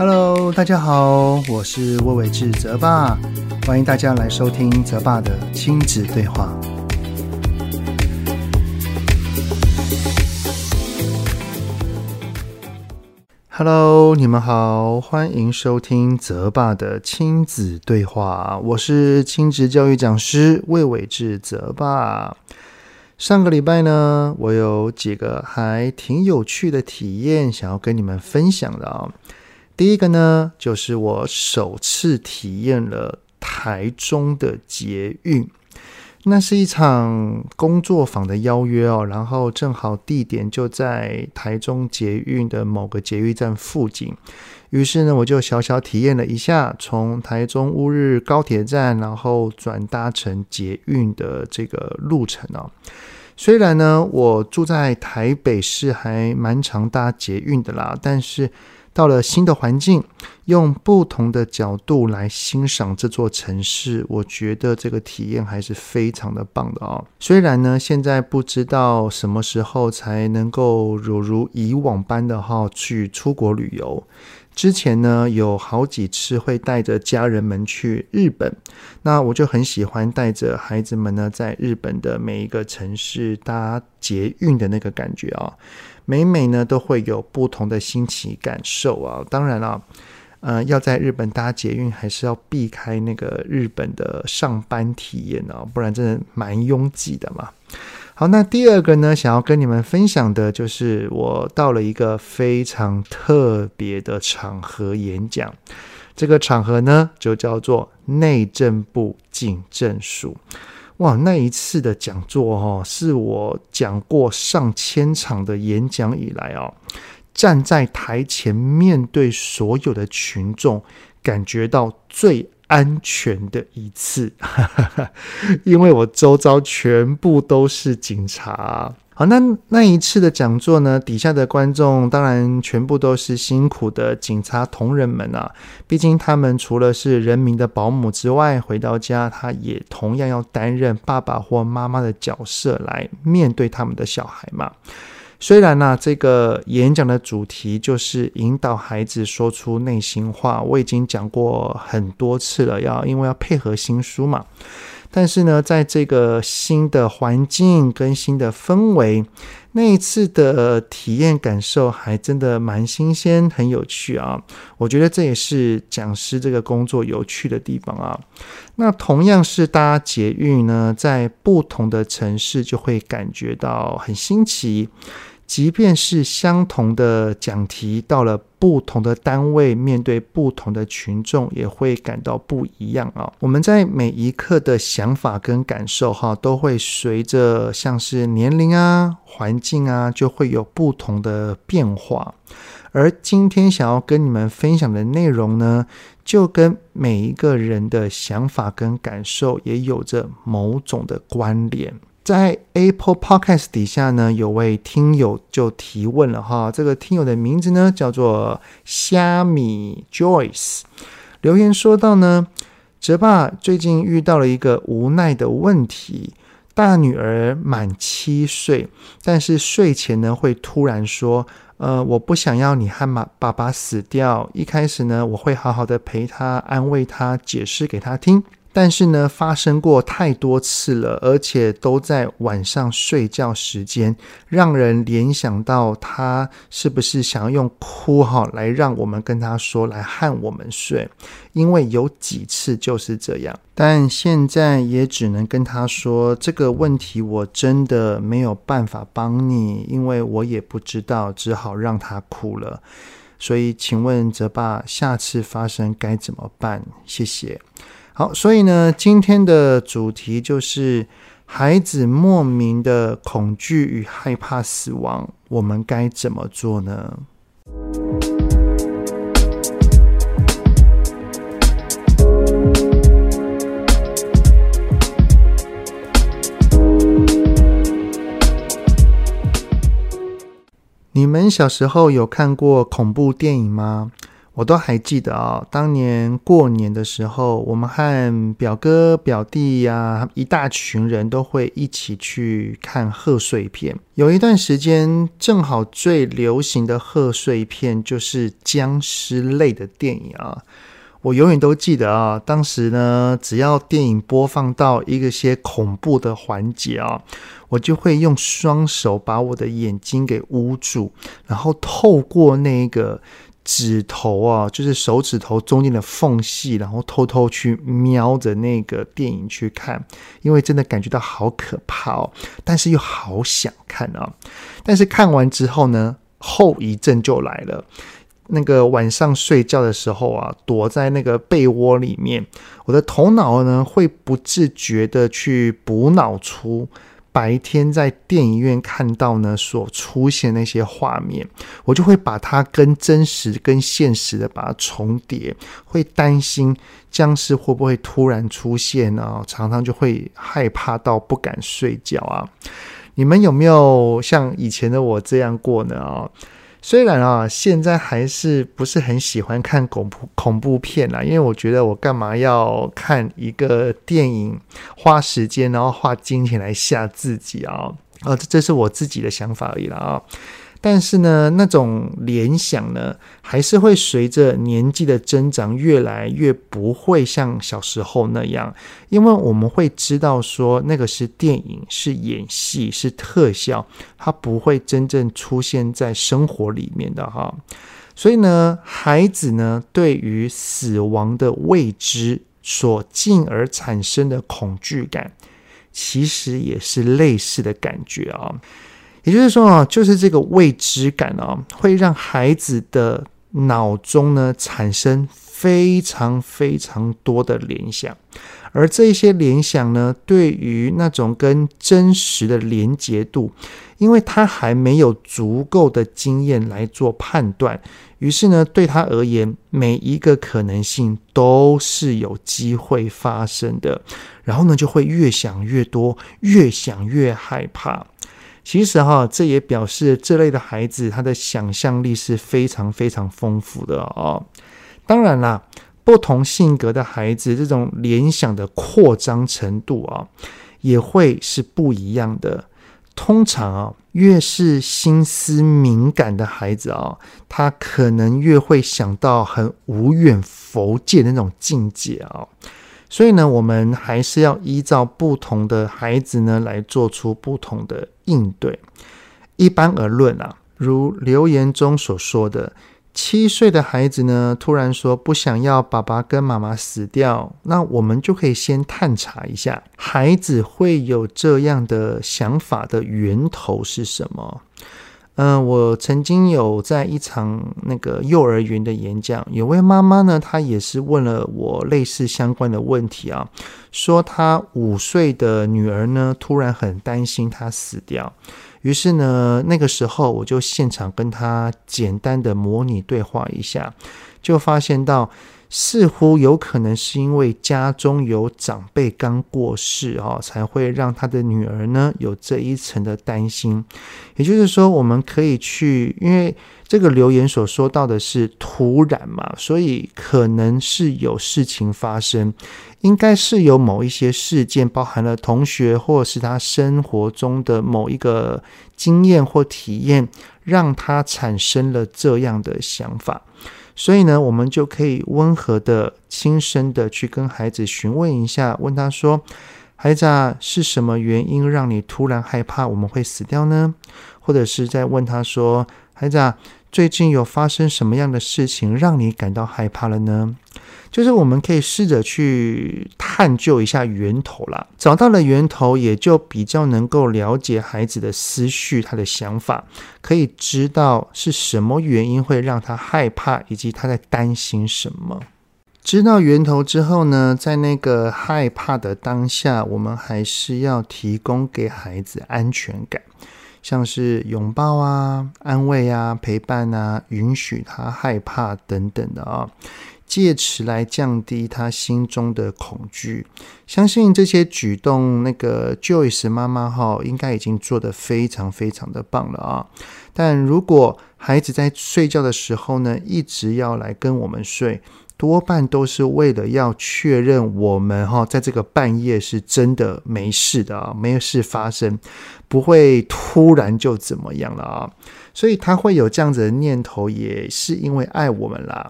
Hello，大家好，我是魏瑋志澤爸，歡迎大家來收聽澤爸的親子對話。Hello，你們好，歡迎收聽澤爸的親子對話，我是親職教育講師魏瑋志澤爸。上個禮拜呢，我有幾個還挺有趣的體驗想要跟你們分享的哦。第一個呢，就是我首次體驗了台中的捷運，那是一場工作坊的邀約哦，然後正好地點就在台中捷運的某個捷運站附近，於是呢，我就小小體驗了一下從台中烏日高鐵站，然後轉搭乘捷運的這個路程哦。雖然呢，我住在台北市，還蠻常搭捷運的啦，但是，到了新的環境，用不同的角度來欣賞這座城市，我覺得這個體驗還是非常的棒的啊、哦！雖然呢，現在不知道什麼時候才能夠如，如以往般的哈去出國旅遊。之前呢，有好幾次會帶着家人們去日本，那我就很喜歡帶着孩子們呢，在日本的每一個城市搭捷運的那個感覺啊、哦，每每呢都會有不同的新奇感受啊。當然啊，呃，要在日本搭捷運，還是要避開那個日本的上班體驗哦、啊，不然真的蠻擁擠的嘛。好，那第二個呢，想要跟你們分享的，就是我到了一個非常特別的場合演講。這個場合呢，就叫做內政部警政署。哇，那一次的講座、哦，哈，是我講過上千場的演講以來哦，站在台前面對所有的群眾，感覺到最。安全的一次， 因為我周遭全部都是警察啊。好，那那一次的講座呢，底下的觀眾當然全部都是辛苦的警察同仁們啊，畢竟他們除了是人民的保姆之外，回到家他也同樣要擔任爸爸或媽媽的角色來面對他們的小孩嘛。雖然呢、啊，這個演講的主題就是引導孩子說出內心話，我已經講過很多次了，要因為要配合新書嘛。但是呢，在這個新的環境跟新的氛圍，那一次的體驗感受還真的蠻新鮮，很有趣啊。我覺得這也是講師這個工作有趣的地方啊。那同樣是搭捷運呢，在不同的城市就會感覺到很新奇。即便是相同的講題，到了不同的單位，面對不同的群眾，也會感到不一樣啊、哦。我們在每一刻的想法跟感受，哈，都會隨着像是年齡啊、環境啊，就會有不同的變化。而今天想要跟你們分享的內容呢，就跟每一個人的想法跟感受也有着某種的關聯。在 Apple Podcast 底下呢，有位聽友就提問了哈，這個聽友的名字呢叫做蝦米 Joyce，留言說到呢，澤爸最近遇到了一個無奈的問題，大女兒滿七歲，但是睡前呢會突然說，呃，我不想要你和媽爸爸死掉。一開始呢，我會好好的陪他安慰他，解釋給他聽。但是呢，發生過太多次了，而且都在晚上睡覺時間，讓人聯想到他是不是想要用哭號來讓我們跟他說，來哄我們睡。因為有幾次就是這樣，但現在也只能跟他說這個問題，我真的沒有辦法幫你，因為我也不知道，只好讓他哭了。所以，請問澤爸，下次發生該怎麼辦？謝謝。好，所以呢，今天的主題就是孩子莫名的恐懼與害怕死亡，我們該怎麼做呢？你們小時候有看過恐怖電影嗎？我都還記得啊、哦，當年過年的時候，我們和表哥表弟呀、啊，一大群人都會一起去看賀歲片。有一段時間，正好最流行的賀歲片就是僵屍類的電影啊。我永遠都記得啊、哦，當時呢，只要電影播放到一個些恐怖的環節啊、哦，我就會用雙手把我的眼睛給捂住，然後透過那個。指頭啊，就是手指頭中間的縫隙，然後偷偷去瞄着那個電影去看，因為真的感覺到好可怕哦，但是又好想看啊。但是看完之後呢，後遺症就來了。那個晚上睡覺的時候啊，躲在那個被窩裡面，我的頭腦呢會不自覺的去補腦出。白天在電影院看到呢，所出現那些畫面，我就會把它跟真實跟現實的把它重疊，會擔心殭屍會不會突然出現呢？常常就會害怕到不敢睡覺啊！你們有沒有像以前的我這樣過呢？雖然啊，現在還是不是很喜歡看恐怖恐怖片啦啊，因為我覺得我幹嘛要看一個電影，花時間，然後花金錢來嚇自己啊？啊，這是我自己的想法而已啦啊。但是呢，那種聯想呢，還是會隨着年紀的增長，越來越不會像小時候那樣，因為我們會知道說，那個是電影，是演戲，是特效，它不會真正出現在生活裡面的哈。所以呢，孩子呢，對於死亡的未知所進而產生的恐懼感，其實也是類似的感覺啊。也就是說啊，就是這個未知感啊，會讓孩子的腦中呢，產生非常非常多的聯想，而這一些聯想呢，對於那種跟真實的連結度，因為他還沒有足夠的經驗來做判斷，於是呢，對他而言，每一個可能性都是有機會發生的，然後呢，就會越想越多，越想越害怕。其實哈，這也表示這類的孩子，他的想象力是非常非常豐富的啊。當然啦，不同性格的孩子，這種聯想的擴張程度啊，也會是不一樣的。通常啊，越是心思敏感的孩子啊，他可能越會想到很無遠弗屆的那種境界啊。所以呢，我們還是要依照不同的孩子呢，來做出不同的應對。一般而論啊，如留言中所說的，七歲的孩子呢，突然說不想要爸爸跟媽媽死掉，那我們就可以先探查一下，孩子會有這樣的想法的源頭是什麼。嗯，我曾經有在一場那個幼兒園的演講，有位媽媽呢，她也是問了我類似相關的問題啊，說她五歲的女兒呢，突然很擔心她死掉，於是呢，那個時候我就現場跟她簡單的模擬對話一下，就發現到。似乎有可能是因為家中有長輩剛過世，哦，才會讓他的女兒呢有這一層的擔心。也就是說，我們可以去，因為這個留言所說到的是突然嘛，所以可能是有事情發生，應該是有某一些事件包含了同學或是他生活中的某一個經驗或體驗，讓他產生了這樣的想法。所以呢，我們就可以溫和的、輕聲的去跟孩子詢問一下，問他說：“孩子啊，是什麼原因讓你突然害怕我們會死掉呢？”或者是再問他說：“孩子啊，最近有發生什麼樣的事情讓你感到害怕了呢？”就是我們可以試着去探究一下源頭啦，找到了源頭，也就比較能夠了解孩子的思緒、他的想法，可以知道是什麼原因會讓他害怕，以及他在擔心什麼。知道源頭之後呢，在那個害怕的當下，我們還是要提供給孩子安全感，像是擁抱啊、安慰啊、陪伴啊、允許他害怕等等的啊、哦。借此來降低他心中的恐懼，相信這些舉動，那個 Joyce 媽媽哈，應該已經做得非常非常的棒了啊。但如果孩子在睡覺的時候呢，一直要來跟我們睡，多半都是為了要確認我們哈，在這個半夜是真的沒事的啊，沒有事發生，不會突然就怎麼樣了啊。所以他會有這樣子的念頭，也是因為愛我們啦。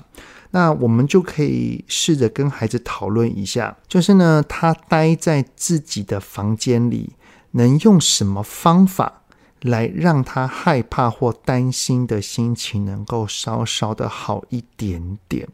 那我們就可以試着跟孩子討論一下，就是呢，他待在自己的房間裡，能用什麼方法來讓他害怕或擔心的心情能夠稍稍的好一點點？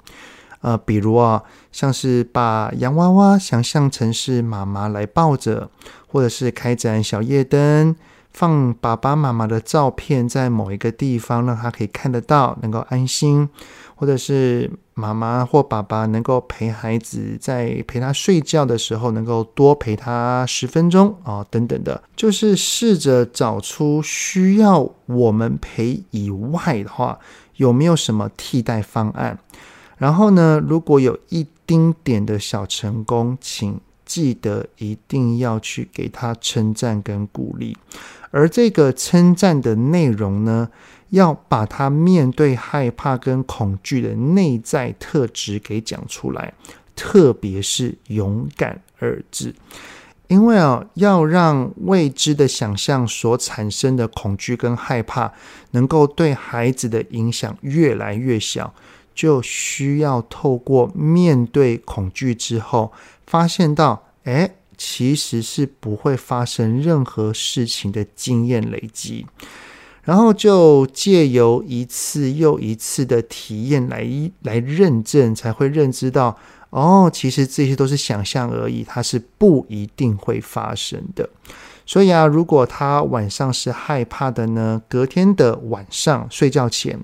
呃，比如啊，像是把洋娃娃想象成是媽媽來抱着，或者是開盞小夜燈，放爸爸媽媽的照片在某一個地方，讓他可以看得到，能夠安心。或者是媽媽或爸爸能夠陪孩子，在陪他睡覺的時候，能夠多陪他十分鐘啊、哦，等等的，就是試着找出需要我們陪以外的話，有沒有什麼替代方案？然後呢，如果有一丁點的小成功，請記得一定要去給他稱讚跟鼓勵，而這個稱讚的內容呢？要把他面對害怕跟恐懼的內在特質給講出來，特別是勇敢二字，因為哦，要讓未知的想象所產生的恐懼跟害怕能夠對孩子的影響越來越小，就需要透過面對恐懼之後，發現到，哎，其實是不會發生任何事情的經驗累積。然後就借由一次又一次的體驗來來認證，才會認知到哦，其實這些都是想象而已，它是不一定會發生的。所以啊，如果他晚上是害怕的呢，隔天的晚上睡覺前，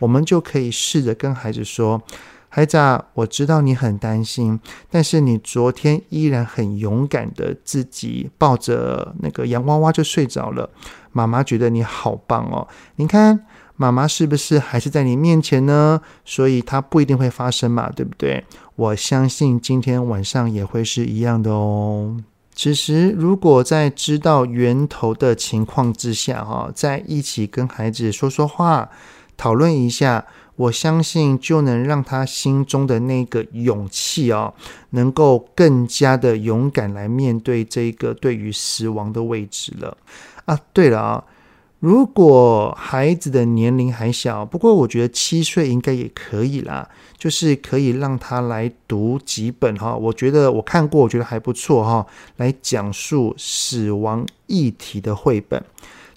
我們就可以試着跟孩子說：“孩子啊，我知道你很擔心，但是你昨天依然很勇敢的自己抱着那個洋娃娃就睡着了。”媽媽覺得你好棒哦，你看媽媽是不是還是在你面前呢？所以它不一定會發生嘛，對不對？我相信今天晚上也會是一樣的哦。其實，如果在知道源頭的情況之下，哦，哈，在一起跟孩子說說話，討論一下，我相信就能讓他心中的那個勇氣哦，能夠更加的勇敢來面對這個對於死亡的位置了。啊，對了啊，如果孩子的年齡還小，不過我覺得七歲應該也可以啦，就是可以讓他來讀幾本哈。我覺得我看過，我覺得還不錯哈。來講述死亡議題的繪本，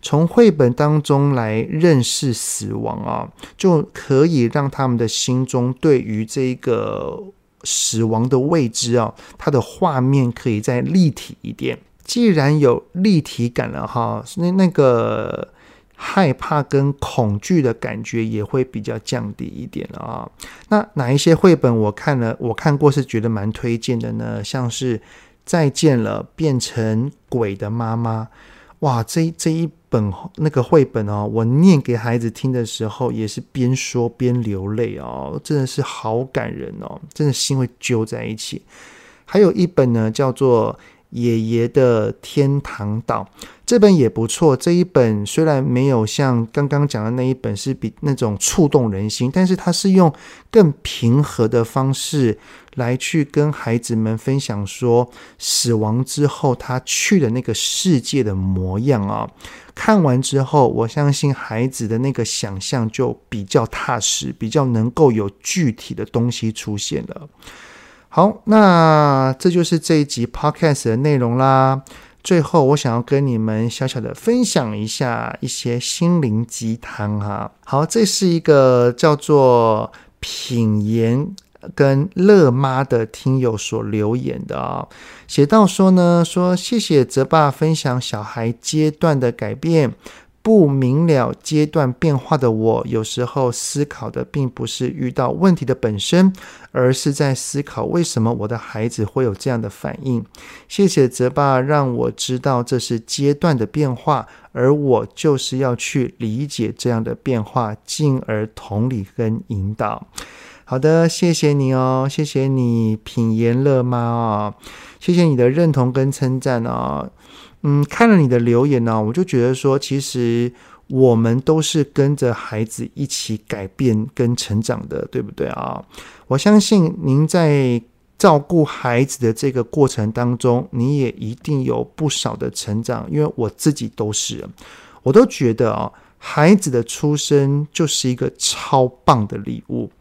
從繪本當中來認識死亡啊，就可以讓他們的心中對於這個死亡的位置啊，它的畫面可以再立體一點。既然有立體感了哈，那那個害怕跟恐懼的感覺也會比較降低一點了啊。那哪一些繪本我看了，我看過是覺得蠻推薦的呢？像是《再見了，變成鬼的媽媽》。哇，這這一本那個繪本哦，我念給孩子聽的時候也是邊說邊流淚哦，真的是好感人哦，真的心會揪在一起。還有一本呢，叫做，爺爺的天堂島，這本也不錯。這一本雖然沒有像剛剛講的那一本是比那種觸動人心，但是他是用更平和的方式來去跟孩子們分享說死亡之後他去的那個世界的模樣啊。看完之後，我相信孩子的那個想象就比較踏實，比較能夠有具體的東西出現了。好，那這就是這一集 Podcast 的內容啦。最後，我想要跟你們小小的分享一下一些心靈雞湯哈。好，這是一個叫做品言跟樂媽的聽友所留言的啊、哦，寫到說呢，說謝謝澤爸分享小孩階段的改變。不明了階段變化的我，有時候思考的並不是遇到問題的本身，而是在思考為什麼我的孩子會有這樣的反應。謝謝澤爸讓我知道這是階段的變化，而我就是要去理解這樣的變化，進而同理跟引導。好的，謝謝你哦，謝謝你品言樂媽哦，謝謝你的認同跟稱讚啊，哦。嗯，看了你的留言呢，我就覺得說，其實我們都是跟着孩子一起改變跟成長的，對不對啊？我相信您在照顧孩子的這個過程當中，你也一定有不少的成長，因為我自己都是，我都覺得啊，孩子的出生就是一個超棒的禮物。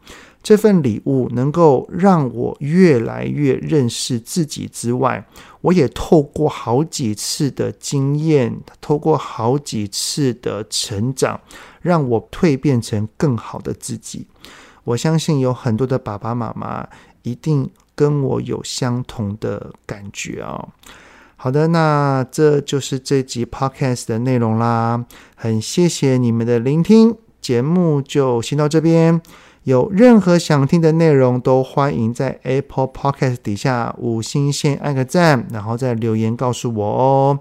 這份禮物能夠讓我越來越認識自己之外,我也透過好幾次的經驗，透過好幾次的成長，讓我蛻變成更好的自己。我相信有很多的爸爸媽媽一定跟我有相同的感覺哦。好的，那這就是這集 Podcast 的內容啦。很謝謝你們的聆聽，節目就先到這邊。有任何想聽的內容，都歡迎在 Apple Podcast 底下五星線按個讚，然後再留言告訴我哦。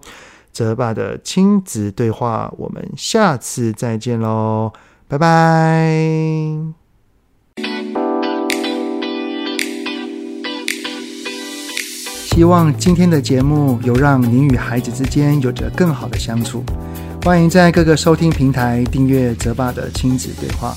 澤爸的親子對話，我們下次再見嘍，拜拜。希望今天的節目有讓您與孩子之間有着更好的相處。歡迎在各個收聽平台訂閱澤爸的親子對話。